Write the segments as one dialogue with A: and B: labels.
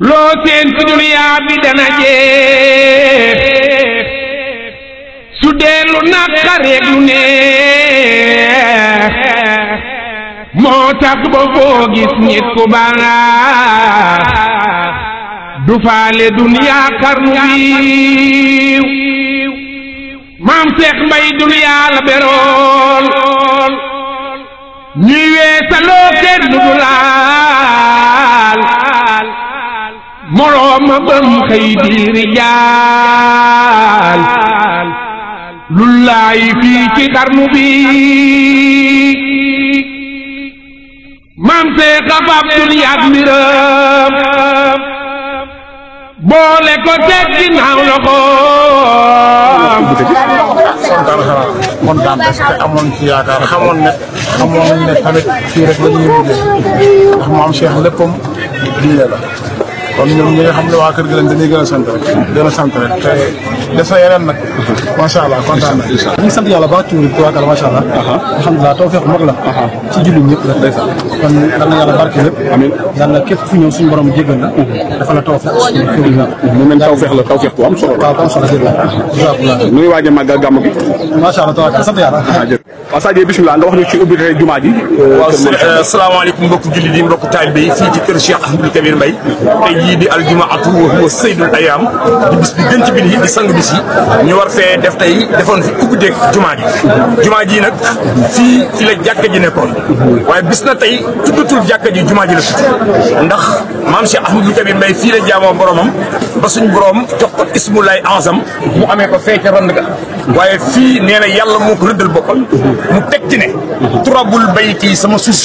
A: loo seen ci duniyaa bi jeex su dee lu naqareeg lu neex moo tax ba foo gis nit ku baax du faale duniyaa xarnu biiw maam Seex Mbay duniyaa la berool ñuy weesaloo kenn du laal morooma bam xëy di rijaal lullaay fii ci xarnu bi maam Seex Abdul yaag mbiram boole ko teg ginnaaw loxoom
B: kontaan xanaa kontaan parce que amoon ci yaakaar xamoon ne xamoon ne tamit fii rek la ñuy mujjee ndax maam Cheikh léppam diine la kon ñoom ñi nga xam ne waa kër gi lañ dañuy gën a sant rek gën a sant rek te des na yeneen nag macha allah kontaan na ñu ngi sant yàlla baax ci wér tuwaakal macha allah alhamdulilah tawfeex mag la ci jullit ñëpp rek ndeysaan kon yal na yàlla barke lépp amiin yal na képp fu ñëw suñu borom jéggal la dafa la tawfeex mu mel tawfeex la tawfeex bu am solo la waaw bu am solo jërëjëf nu ngi waaj a màggal gàmm gi macha allah tuwaakal sant yàlla waaw Sadio bisimilah nga wax ñu ci ubbite jumaa ji waaw salaamaaleykum mbokk jullit yi mbokk taalibe yi fii ci kër Cheikh Ahmadou Kabir Mbaye bii di aljumaatu wa huwa sayyidul ayaam di bis bi gën ci di sang bis yi war fee def tey defoon fi ubbi dégg jumaa ji jumaa ji nag fii fi la jàkka ji nekkoon waaye bis na tey tuddatul jàkka ji jumaa ji la tudd ndax maam Cheikh Ahmadou Kabir Mbaye fii la jaamoo boromam ba suñ borom jox ko ismulaay ansam mu amee ko fee ca rand ga waaye fii nee na yàlla moo ko rëddal boppam mu teg ci ne turabul bayti sama suuf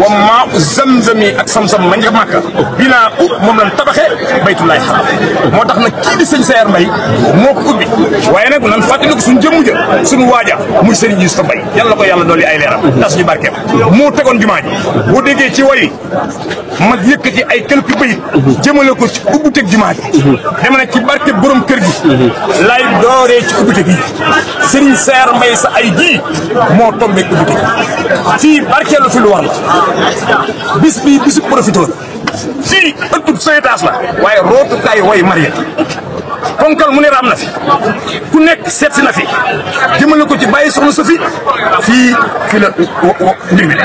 B: wa maa zamzami ak samsam ma njëkk màkka binaa moom lañ tabaxee baytullaay xaram moo tax nag kii di sëñ Saer Mbay moo ko ubbi waaye nag nan fàttali ko suñu jëmm ja suñu waaja muy sëriñ Yuusufa Mbay yàlla ko yàlla dolli ay leeram tas ñu barkeem moo tegoon jumaa ji boo déggee ci wayi ma yëkkati ay quelques bayit jëmale ko ci ubbiteg jumaa ji dama ne ci barke borom kër gi lay dooree ci ubbiteg yi sëriñ Saer Mbay sa ay ji moo tombeeg ubbiteg fii barkeelu fi lu wax
A: la
B: bis bii bisu profité fii ëttub Seytaas la waaye rootukaayu way Mariam kon ponkal mu ne raam na fi ku nekk seet si na fi jëmale ko ci bàyyi soxna Sofi fii fii la mbir mi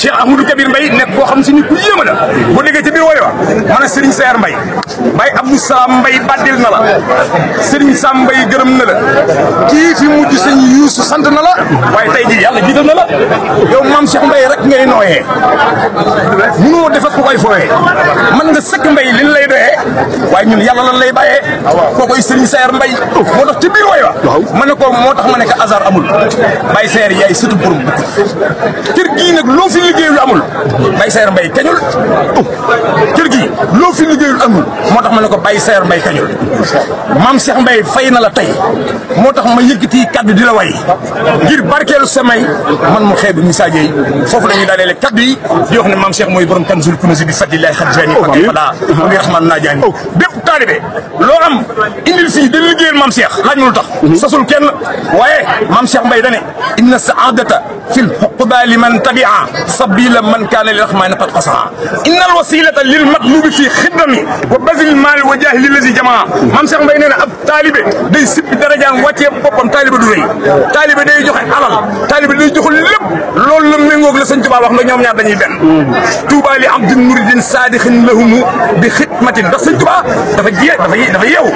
B: Cheikh Ahmadou Kabir Mbaye nekk koo xam si ni ku yéema la boo déggee ci biir wooy wa man a Serigne Sayar Mbaye Baye Abdou Salam Mbaye bàddil na la Serigne Sam Mbaye gërëm na la kii fi mujj sëñ Youssou sant na la waaye tey jii yàlla jiital na la yow maam Cheikh Mbaye rek ngay nooyee munoo def ak ku koy fooyee mën nga sëkk Mbaye waaye ñun yàlla lan lay bàyyee ah, kookoy sëriñ Seer Mbay moo tax ci biir way wa ma ne ko moo tax ma ne ko amul Baye Seer yaay sëtu borom bukki kër gii nag loo fi liggéeyul amul Baye Seer Mbay kañul kër gii loo fi liggéeyul amul moo tax ma ne ko Baye Seer Mbay kañul maam Seex Mbay fay na la tey moo tax ma yëkkati kaddu di la way ngir barkeelu samay man mu xeebu message yi foofu la ñuy daaneele kaddu yi di wax ne maam Seex mooy borom Kanzul Kunuz bi fadlillahi xadjani oh, fati ko bépp taalibe loo am indil fii dañu liggéeyal maam Cheikh laaj ma lu tax. Mhm. sasul kenn waaye maam Cheikh Mbaye da ne inna saadata fi lxuqbaali man tabia sabila man kaana li rahmaani qad qasaa inna al wasilata lil matlubi fi xidami wa basil maali wa jaahi lillazi jamaa maam Cheikh Mbaye nee na ab taalibe day sippi darajaan wàccee boppam taalibe du rëy taalibe day joxe alal taalibe day joxe lépp loolu la méngoog la sëñ Tuubaa wax na ñoom ñaar dañuy benn mm. tuubaa li abdin muridin saadixin lahumu bi xidmatin sëñ Tuubaa dafa jiyee dafa dafa yeewu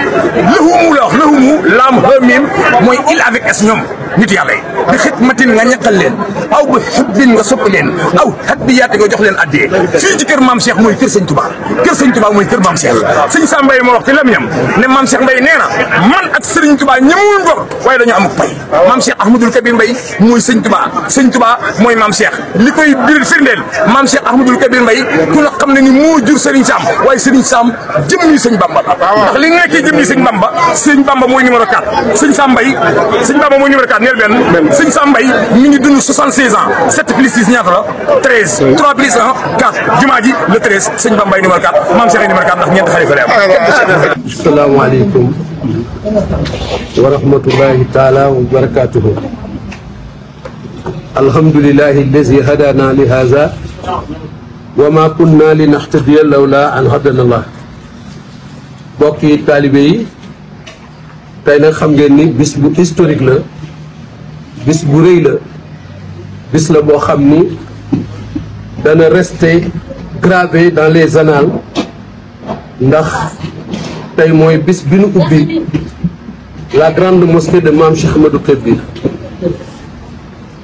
B: lëhumu la wax lëhumu laam xamim mooy il avec es ñoom nit yàlla yi bi xidmatin nga ñaqal leen aw bi xubbin nga sopp leen aw hadiyaate nga jox leen addiyee fii ci kër maam Cheikh mooy kër sëñ Tuubaa kër sëñ Tuubaa mooy kër maam Cheikh sëñ Sam Mbaye moo wax ci lamiñam ne maam Cheikh Mbaye nee na man ak sëriñ Tuubaa ñëmul ndox waaye dañoo am ak pay maam Cheikh Ahmadul Kabir Mbaye mooy sëñ Tuubaa sëñ Tuubaa mooy maam Cheikh li koy bir firndeel maam Cheikh Ahmadul Kabir Mbaye ku xam ne ni moo jur sëriñ Sam waaye sëriñ Sam jëm ñi sëñ Bamba ah, ndax li nekkee jëm ñi sëñ Bamba sëñ Bamba mooy numéro 4 sëñ Sambay sëñ Bamba mooy numéro 4 neel benn sëñ Sambay mi ngi dund 76 ans 7 plus 6 ñaata la 13 3 plus 1 4 jumaa ji le 13 sëñ Bambay numéro 4 maam Cheikh numéro 4 ndax ñeent xalifa la am ah,
C: asalaamaaleykum wa rahmatullahi taala wa barakatuhu alhamdulilahi allazi hadana li haza wa ma kunna linahtadiya lawla an hadana allah mbokk yi taalibe yi tey nag xam ngeen ni bis bu historique la bis bu rëy la bis la boo xam ni dana rester gravé dans les annales ndax tey mooy bis bi nu ubbi la grande mosquée de Maam Cheikh Ahmadou Kébir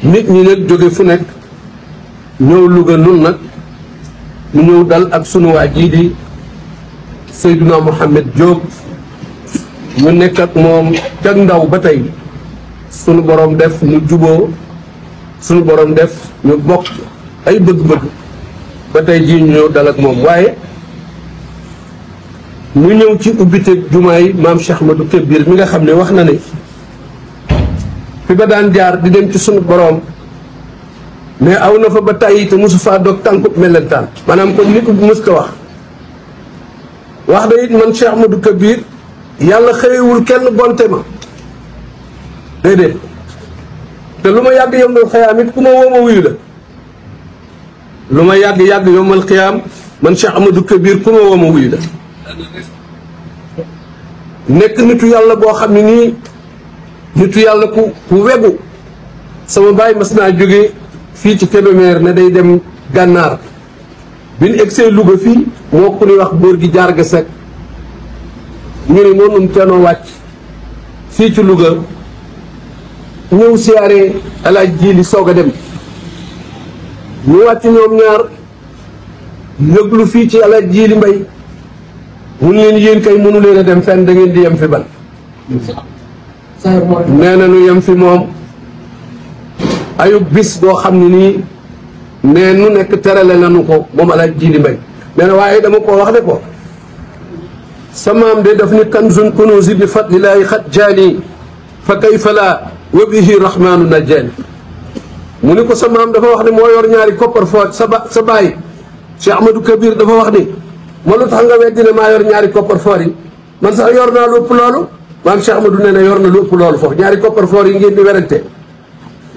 C: nit ñi nag jóge fu nekk ñëw Louga nun nag ñu ñëw dal ak sunu yi jii di Seydina Mohamed Diop ñu nekk ak moom ca ndaw ba tey sunu borom def ñu juboo suñu borom def ñu bokk ay bëgg-bëgg ba tey jii ñu dal ak moom waaye ñu ñëw ci ubbiteeg jumaay maam Cheikh Ahmadou Kébir mi nga xam ne wax na ni fi ba daan jaar di dem ci suñu borom mais aw na fa ba tàyyi te mosu faa doog tànk melentaan maanaam comme ni ko mës ko wax wax da it man Cheikh Ahmadou Kabir yàlla xëyewul kenn bonte ma déedéet te lu ma yàgg yombal xiyaam it ku ma woo ma la lu ma yàgg-yàgg yombal xiyaam man Cheikh Ahmadou Kabir ku ma woo ma wuyu la nekk nitu yàlla boo xam ne nii nitu yàlla ku ku wegu sama bàyyi mas naa jóge fii ci Kébémer ne day dem gànnaar bi ñu egsee Louga fii moo ku wax góor gi jaar ga sec ñu ne moom wàcc fii ci Louga ñëw siyaare alaaj ji li soog a dem ñu wàcc ñoom ñaar yëglu fii ci alaaj jii li mbay mun leen yéen kay mënu leen a dem fenn dangeen di yem fi ban nee na nu yem fi moom ayub bis boo xam ne nii ne nu nekk terale lanu ko moom alaaj ji li mbay nee na waaye dama ko wax ne ko sa maam de daf ni kanzun kunuusi bi fadlilaahi xat jaani fa kayfa laa wa bihi rahmaanu najaani mu ne ko sa maam dafa wax ne moo yor ñaari koppar foo sa ba sa baay Cheikh Ahmadou Kabir dafa wax ni ma lu tax nga weddi ne yor ñaari koppar foor yi man sax yor naa lu ëpp loolu maam Cheikh Ahmadou nee na yor na lu ëpp loolu foofu ñaari koppar foor yi ngeen di werante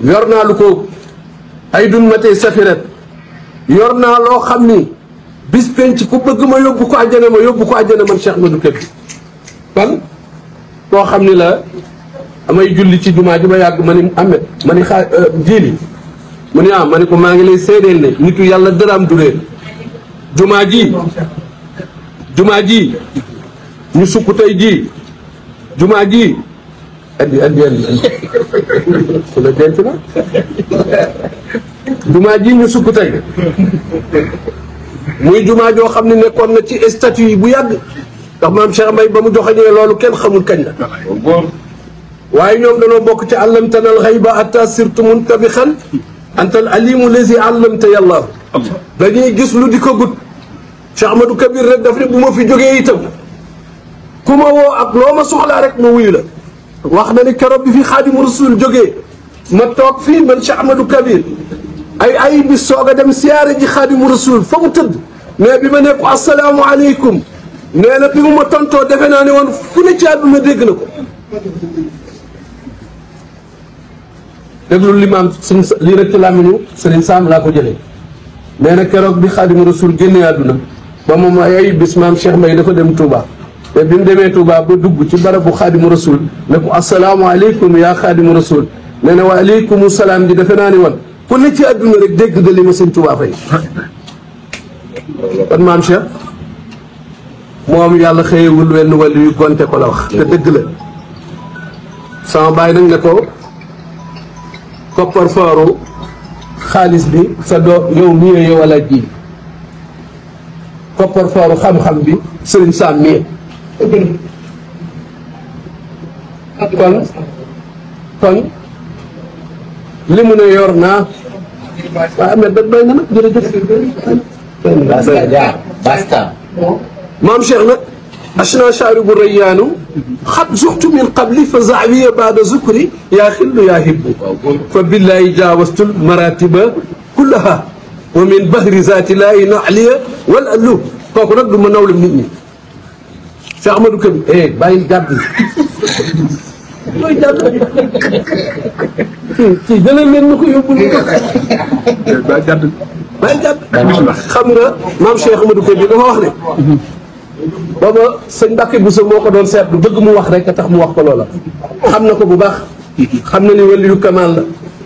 C: yor naa lu ko ay dun matee safirat yor naa loo xam ni bis penc ku bëgg ma yóbbu ko àjjana ma yóbbu ko àjjana man Cheikh Madou Kébé ban boo xam ni la amay julli ci jumaa ji ma yàgg ma ni amet ma ni xaa euh, jiili mu ni ah ma ni ko maa ngi lay seedeel ne nitu yàlla daraam du réer jumaa ji jumaa ji ñu tey ji jumaa ji andi andi andi ku jumaa ji ñu sukk tey muy jumaa joo xam ne nekkoon na ci statut bu yàgg ndax maam Cheikh Mbaye ba mu joxañee loolu kenn xamul kañ la waaye ñoom danoo bokk ci àllamtana alxayba atta sirtu muntabixan antal alimu lesi àllamta yàlla dañuy gis lu di ko gut Cheikh Ahmadou Kabir rek daf bu ma fi jógee itam ku ma woo ak loo ma soxlaa rek ma wuyu la wax na ni keroog bi fi xaadimu rasul jógee ma toog fii man ci Ahmadou Kabir ay ay bi soog a dem siyaare ji xaadimu rasul fa mu tëdd mais bi ma ne ko asalaamualeykum nee na bi mu ma tontoo defe naa ni woon fu ne ci àdduna dégg na ko déglu limaam suñ lii rek ci làmmiñu sëriñ Saam laa ko jëlee nee na keroog bi xaadimu rasul génnee àdduna ba moom ay ay bis maam Cheikh Mbay dafa dem Touba bi mu demee Touba ba dugg ci barabu xaadimu rasul ne ko asalaamualeykum yaa xaadimu rasul nee na waaleykum salaam ji defe naa ni woon ku ne ci àdduna rek dégg nga li ma sëñ Tuubaa fay kon maam Cheikh moom yàlla xëyewul wenn wàll yu gonte ko la wax te dëgg la sama bàyyi nag ne ko koppar fooru xaalis bi sa doo yow mii yow wala ji koppar fooru xam-xam bi sëriñ Sam mii kon kon li mu ne yor waaw am na ba doy na nag jërëjëf. basta jaar basta. maam Cheikh nag. ashna shaaribu rayyaanu. xat zuxtu min qabli fa zaawiya baada zukri yaa xillu yaa hibbu. fa billahi jaawastul maratiba kullaha wa min bahri zaati laahi naaliya wal allu kooku nag du ma nawlam nit ñi. Cheikh Amadou Kébé eh bàyyil gàdd yi looy gàdd ci ci jëlee leen ñu ko yóbbu ñu ko. ba jàdd ba jàdd. xam nga maam Cheikh Amadou Kébé dafa wax ne. booba sëñ Mbàkke Bousso moo ko doon seet lu bëgg mu wax rek a tax mu wax ko loola. xam na ko bu baax. xam na ni wàllu yu kamal la.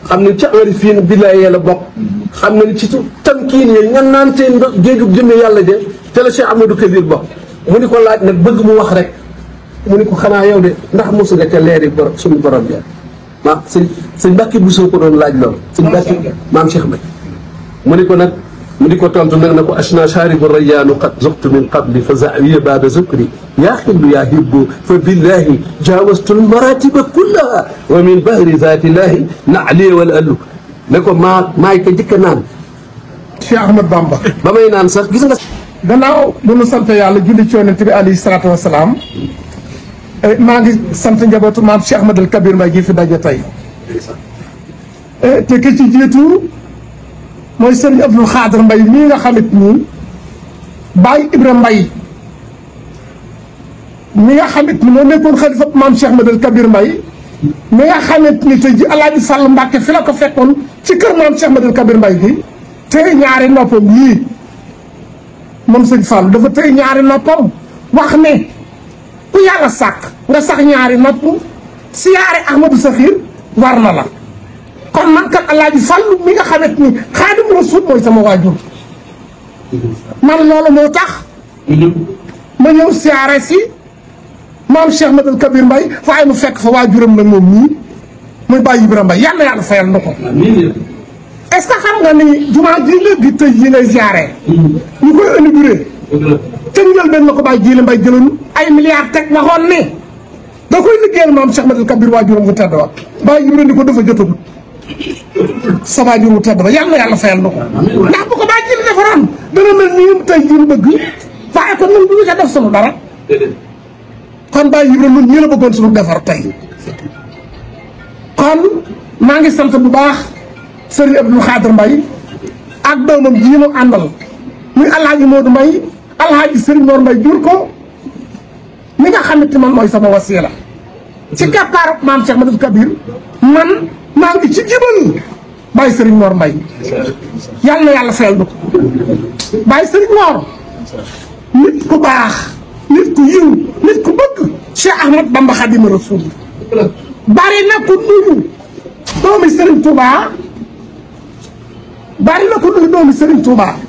C: xam na ni ca aarifiin billaay la bokk. xam na ni ci tamkiin yi ñan naan seen géejug jëmme yàlla de te la Cheikh Amadou Kabir bokk mu ni ko laaj nag bëgg mu wax rek mu ni ko xanaa yow de ndax mosu nga ca leeri borom suñu borom ja ma sëñ sëñ Mbàkke Bousso ko doon laaj loolu sëñ Mbàkke maam Cheikh Mbay mu ni ko nag mu di ko tontu nag na ko ashna shaaribu rayaanu qad zuqtu min qabli fa zawiya baada zukri yaa xillu yaa hibbu fa billahi jaawastu lmaratiba kullaha wa min bahri zaatillahi naali wal allu ne ko maa maay ko njëkk a naan Cheikh Ahmad Bamba ba may naan sax gis nga gannaaw bu nu sant yàlla julli ci yonent
D: bi alayhi salaatu wasalaam eh, maa ngi sant njabootu maam Cheikh Ahmad al Kabir Mbaye gi fi daje tey Eh, te ki ci jiitu mooy sëriñ Abdul Xaadir Mbay mii nga xamit nii Baay Ibra Mbay mi nga xamit ni moo nekkoon xalifa maam Cheikh Madal Kabir Mbay mi nga xamit ni te ji Alaaji Sàll Mbàkke fi la ko fekkoon ci kër maam Cheikh Madal Kabir Mbay gi tey ñaari noppam yii moom sëñ Fall dafa tey ñaari noppam wax ne ku yàlla sàkk nga sax ñaari nopp siyaare Ahmadou Saxir war na la kon man kat alaaji fàllu mi nga xamante ni xaadim rasul mooy sama waajur man loolu moo tax ma ñëw siyaare si maam Cheikh Madal Kabir Mbaye waaye mu fekk fa waajuram nag moom mii muy Baye Ibrahima mbay yàlla yàlla fayal na ko est-ce que xam nga ni jumaa ji la di tëj yi lay siyaare ñu koy inauguré tëngal benn na ko Baye Jili Mbaye jëloon ay milliards teg waxoon ni da koy liggéeyal maam Cheikh Madil Kabir waajuram bu tedd wa bàyyi ñu leen di ko dafa jotul sa waajur bu tedd ba yàlla na yàlla fayal na ko ndax bu ko bàyyi jël defaroon dana mel nii tey jii bëgg waaye kon ñun bu ñu ko def sunu dara kon bàyyi yibra nun ñi la bëggoon sunu defar tey kon maa ngi sant bu baax sëriñ Abdou Khadre Mbaye ak doomam ji mu àndal muy alhaaji Modou Mbaye alhaaji sëriñ Mor Mbaye jur ko mi nga xamante man mooy sama wasiila ci kàppaarab maam Cheikh Madou Kabir man maa ngi ci jibal bàyyi Serigne Mor Mbaye yàlla na yàlla fayal du ko bàyyi Serigne nit ku baax nit ku yiw nit ku bëgg Cheikh Ahmad Bamba Xaadimu Rasuul bari na ku nuyu doomi Serigne Touba bari na ku nuyu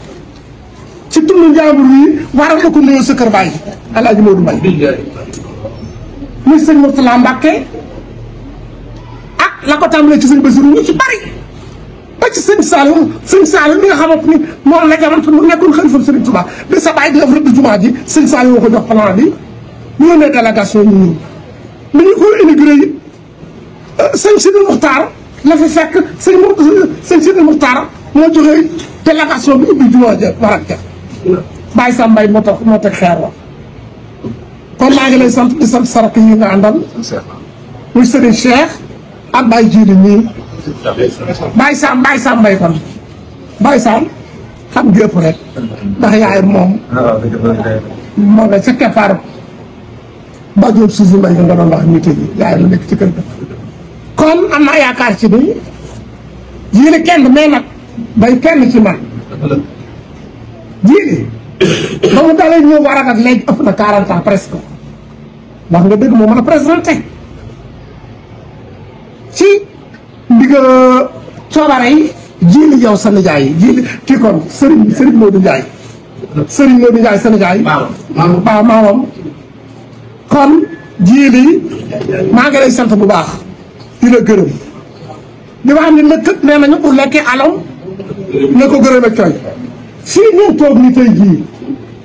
D: ci tund njàmbur yi waral na ko nuyoo sa kër bàyyi alaaji Modou Mbaye muy sëñ Mourtala Mbàkke ak la ko tàmbalee ci sëñ Basiru ñu ci bari ba ci sëñ Saalum sëñ Saalum bi nga xamante ni moom la jamono mu nekkoon xalifa sëriñ Tuubaa bi sa bàyyi di def rëdd jumaa ji sëñ bi ñu yónnee bi ñu ko inauguré yi euh, sëñ Sidi Muxtaar la fi fekk sëñ euh, sëñ Sidi Muxtaar moo bi jumaa ja war ak Baye Sambay moo tax moo teg xeer wa kon maa ngi lay sant di sant sarak yi nga àndal muy Serigne Cheikh nii Baye Sam Baye kon Baye Sam xam gépp rek yaay moom moo nga ca keppaar ba jóob suusu mbay nga doon wax ñu yaay la ci kër ga kon am naa ci ni yéen kenn mais nag kenn ci man jiili ba mu dalee ñëw war ak léegi ëpp na 40 ans presque wax nga dëgg moo mën a présenté ci digga euh, coobare yi jiili yow sa nijaay yi jiili kii kon Serigne Serigne Modou Ndiaye Serigne Modou Ndiaye sa nijaay waaw maamam kon jiili maa lay sant bu baax di la gërëm di wax ne lëkk nee nañu pour lekkee alom ne ko gërëm ak cooy fii ñu toog ni tey jii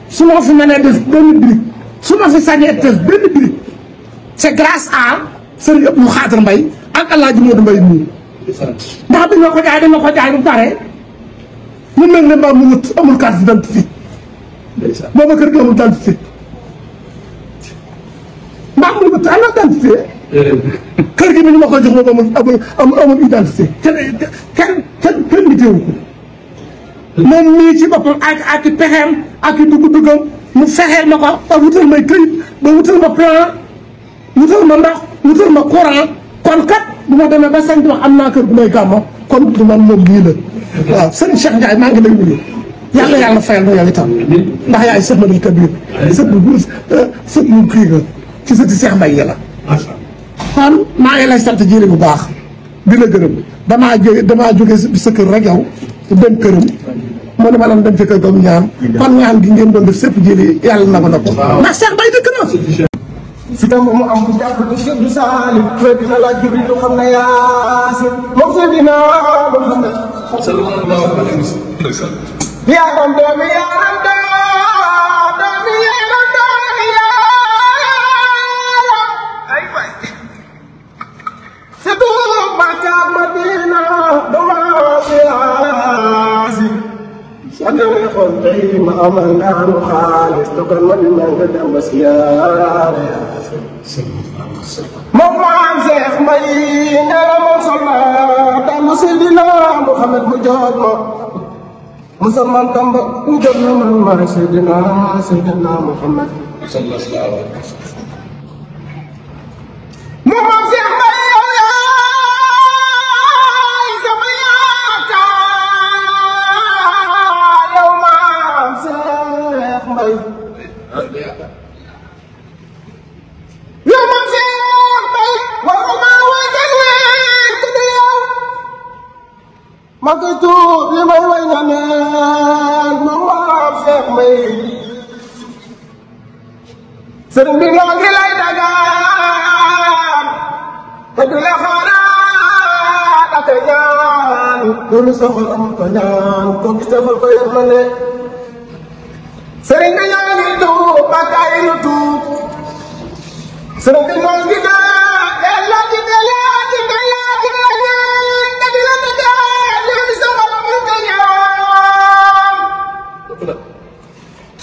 D: su ma fi mënee def benn brique su ma fi sañee def benn brique c'est grâce à Serigne Abdou Khadre Mbaye ak El Hadj Modou Mbaye mii ndax bi ma ko jaay dama ko jaay bu pare mu mel ne mbaa mu wut amul carte d'identité booba kër gi amul identité mbaa mu wut amul identité kër gi bi ñu ma ko jox moom amul amul amul identité kenn kenn kenn kenn niteewu ko moom mii ci boppam ak ak pexeem ak dugg-duggam mu fexeel ma ko ba wutal may këyit ba wutal ma plan wutal ma ndox wutal ma courant kon kat bu ma demee ba sañ di wax am naa kër bu may gàmmo kon du man moom lii la waaw sëñ Cheikh Ndiaye maa ngi lay nuyu yàlla yàlla fayal na yow itam ndax yaay sëñ Madou Kabir sëñ bu euh, sëñ bu kii nga ci sëti Cheikh Mbaye yi la kon maa ngi lay sant jëri bu baax di la gërëm damaa jóge damaa jóge sa kër rek yow dem këram moo dama doon dem fekk doom ñaan kon ñaan gi ngeen doon def sépp jëlee yàlla nangu na ko ndax
A: Cheikh Baye dëkk na si tam mu am bu jàpp du sëb du saali fëy dina laaj jubli du xam ne yaasin moom sëy dina ba xam ne yaa doom doomi yaa sagale xol tey ma amal naanu xaalis dogal ma ni maa nga dem ba siyaare moom maam seex may ñaara moom solla dalu seydina Muhammad mu joot ma musalman tamba mu jot na man maay seydina seydina Muhammad sallallahu alayhi wa sallam sëriñ bi moo ngi lay dagaan te du la xaaraat ak a ñaan du lu soxoram ko ñaan ko gis defal ko yërmande sëriñ bi ñoo ngi tuub bàkkaar yi ñu tuub sëriñ bi moo ngi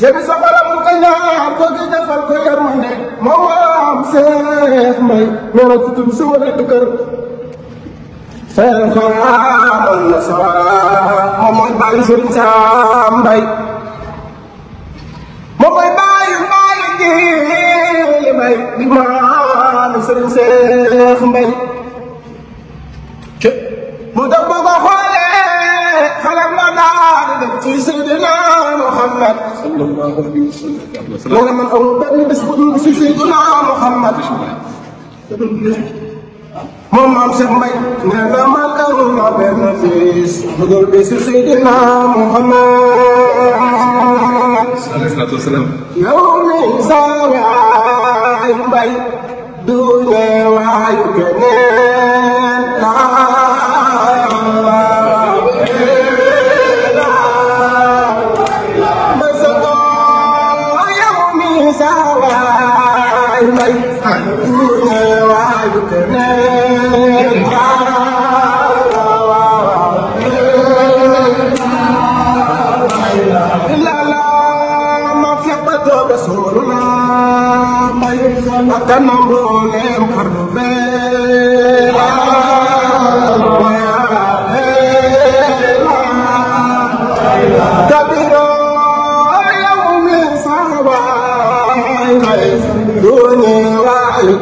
A: cebi sa xolam bu ko ñaan bëgg defal ko yërmande moom am seex may nee na ku tudd si wala du kër seex na sa moom mooy bàyyi sëriñ sa mbay moom mooy bàyyi bàyyi gi li seex mbay الله ربي وسلم مولا من أول بعد بس بقول سيدنا محمد moom maam Cheikh Mbaye nee na ma daru na benn bis dugul bi si Seydina Muhammad alayhi salaatu wa salaam yow mi sa waay Mbaye du ne waayu keneen kanam boole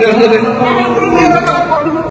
A: jërëjëf